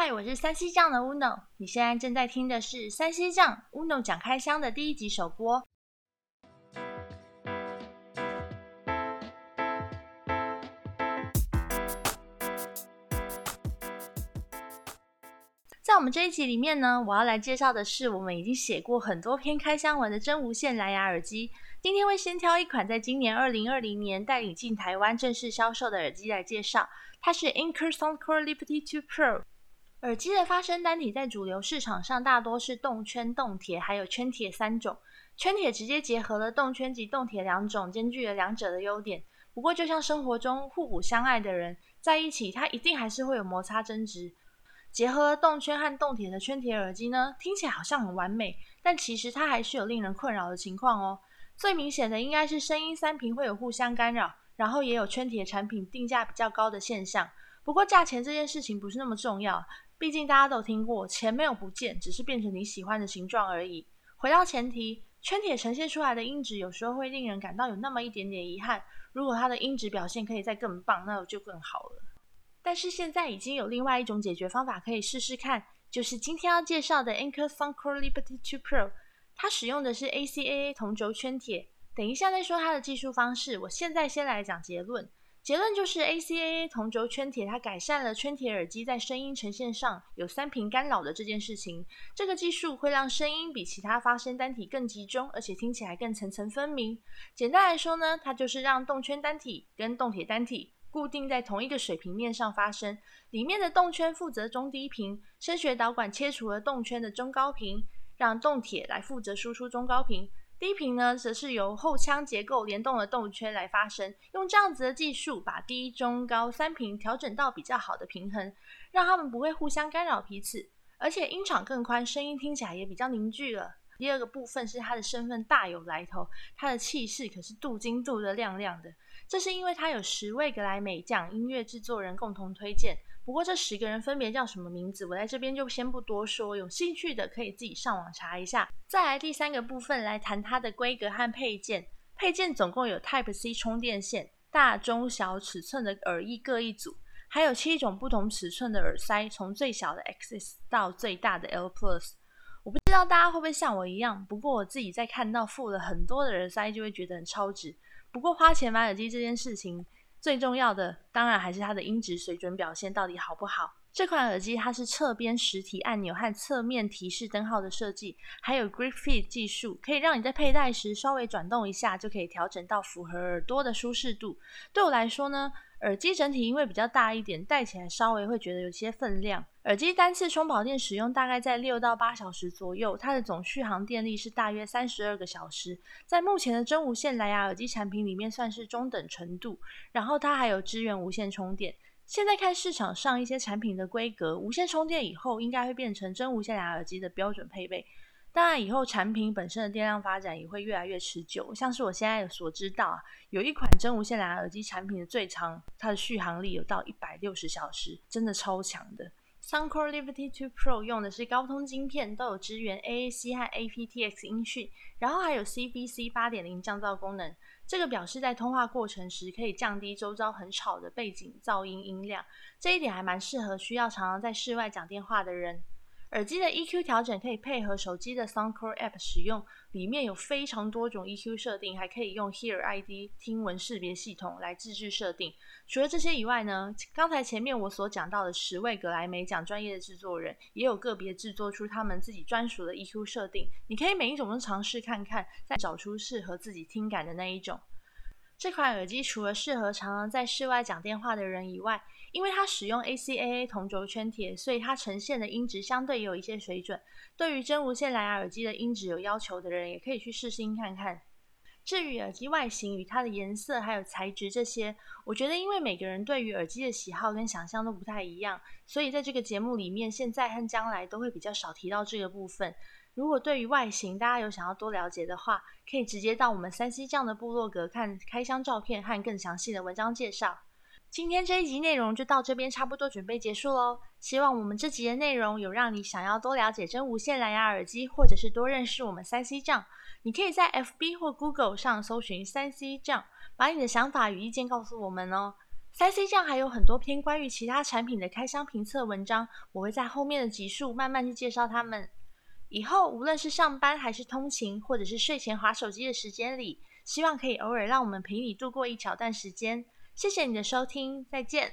嗨，我是 3C 匠的 Uno。你現在正在聽的是 3C 匠 Uno 講開箱的第一集首播。在我們這一集裡面呢，我要來介紹的是我們已經寫過很多篇開箱文的真無線藍牙耳機。今天會先挑一款在今年二零二零年帶領進台灣正式銷售的耳機來介紹，它是 Anker Soundcore Liberty 2 Pro。耳機的發聲單體在主流市場上大多是動圈、動鐵，還有圈鐵三種。圈鐵直接結合了動圈及動鐵兩種，兼具了兩者的優點。不過，就像生活中互補相愛的人在一起，它一定還是會有摩擦爭執。結合了動圈和動鐵的圈鐵耳機呢，聽起來好像很完美，但其實它還是有令人困擾的情況哦。最明顯的應該是聲音三頻會有互相干擾，然後也有圈鐵產品定價比較高的現象。不過，價錢這件事情不是那麼重要。畢竟大家都聽過，錢沒有不見，只是變成你喜歡的形狀而已。回到前提，圈鐵呈現出來的音質有時候會令人感到有那麼一點點遺憾。如果它的音質表現可以再更棒，那就更好了。但是現在已經有另外一種解決方法可以試試看，就是今天要介紹的 Anker Soundcore Liberty 2 Pro，它使用的是 ACAA 同軸圈鐵。等一下再說它的技術方式，我現在先來講結論。結論就是，ACAA 同軸圈鐵，它改善了圈鐵耳機在聲音呈現上有三頻干擾的這件事情。這個技術會讓聲音比其他發聲單體更集中，而且聽起來更層層分明。簡單來說呢，它就是讓動圈單體跟動鐵單體固定在同一個水平面上發聲，裡面的動圈負責中低頻，聲學導管切除了動圈的中高頻，讓動鐵來負責輸出中高頻。低頻呢，則是由後腔結構聯動的動圈來發聲，用這樣子的技術把低、中、高三頻調整到比較好的平衡，讓他們不會互相干擾彼此，而且音場更寬，聲音聽起來也比較凝聚了。第二個部分是它的身份大有來頭，它的氣勢可是鍍金鍍得亮亮的，這是因為它有十位格萊美獎音樂製作人共同推薦。不過這十個人分別叫什麼名字，我在這邊就先不多說，有興趣的可以自己上網查一下。再來第三個部分來談它的規格和配件，配件總共有 Type C 充電線、大、中、小尺寸的耳翼各一組，還有七種不同尺寸的耳塞，從最小的 XS 到最大的 L Plus。我不知道大家會不會像我一樣，不過我自己在看到附了很多的耳塞，就會覺得很超值。不過花錢買耳機這件事情，最重要的，當然還是它的音質水準表現到底好不好。這款耳機它是側邊實體按鈕和側面提示燈號的設計，還有 Grip Fit 技術，可以讓你在佩戴時稍微轉動一下，就可以調整到符合耳朵的舒適度。對我來說呢，耳機整體因為比較大一點，戴起來稍微會覺得有些分量。耳機單次充飽電使用大概在六到八小時左右，它的總續航電力是大約三十二個小時。在目前的真無線藍牙耳機產品裡面算是中等程度，然後它還有支援無線充電。現在看市場上一些產品的規格，無線充電以後應該會變成真無線藍牙耳機的標準配備。當然，以後產品本身的電量發展也會越來越持久。像是我現在所知道啊，有一款真無線藍牙耳機產品的最長，它的續航力有到一百六十小時，真的超強的。Soundcore Liberty 2 Pro 用的是高通晶片，都有支援 AAC 和 aptX 音訊，然後還有 CVC 8.0降噪功能。這個表示在通話過程時，可以降低周遭很吵的背景噪音音量。這一點還蠻適合需要常常在室外講電話的人。耳機的 EQ 調整可以配合手機的 Soundcore App 使用，裡面有非常多種 EQ 設定，還可以用 Hear ID 聽聞識別系統來自製，製設定。除了這些以外呢，剛才前面我所講到的十位格萊美獎專業的製作人，也有個別製作出他們自己專屬的 EQ 設定。你可以每一種都嘗試看看，再找出適合自己聽感的那一種。這款耳機除了適合常常在室外講電話的人以外，因為它使用 ACAA 同軸圈鐵，所以它呈現的音質相對也有一些水準。對於真無線藍牙耳機的音質有要求的人，也可以去試聽看看。至於耳機外形與它的顏色還有材質這些，我覺得因為每個人對於耳機的喜好跟想象都不太一樣，所以在這個節目裡面，現在和將來都會比較少提到這個部分。如果對於外形大家有想要多了解的話，可以直接到我們 3C 匠的部落格看開箱照片和更詳細的文章介紹。今天這一集內容就到這邊，差不多準備結束嘍。希望我們這集的內容有讓你想要多了解真無線藍牙耳機，或者是多認識我們 3C 匠。你可以在 FB 或 Google 上搜尋 3C 匠，把你的想法與意見告訴我們哦。3C 匠還有很多篇關於其他產品的開箱評測文章，我會在後面的集數慢慢去介紹它們。以後無論是上班還是通勤，或者是睡前滑手機的時間裡，希望可以偶爾讓我們陪你度過一小段時間。謝謝你的收聽，再見。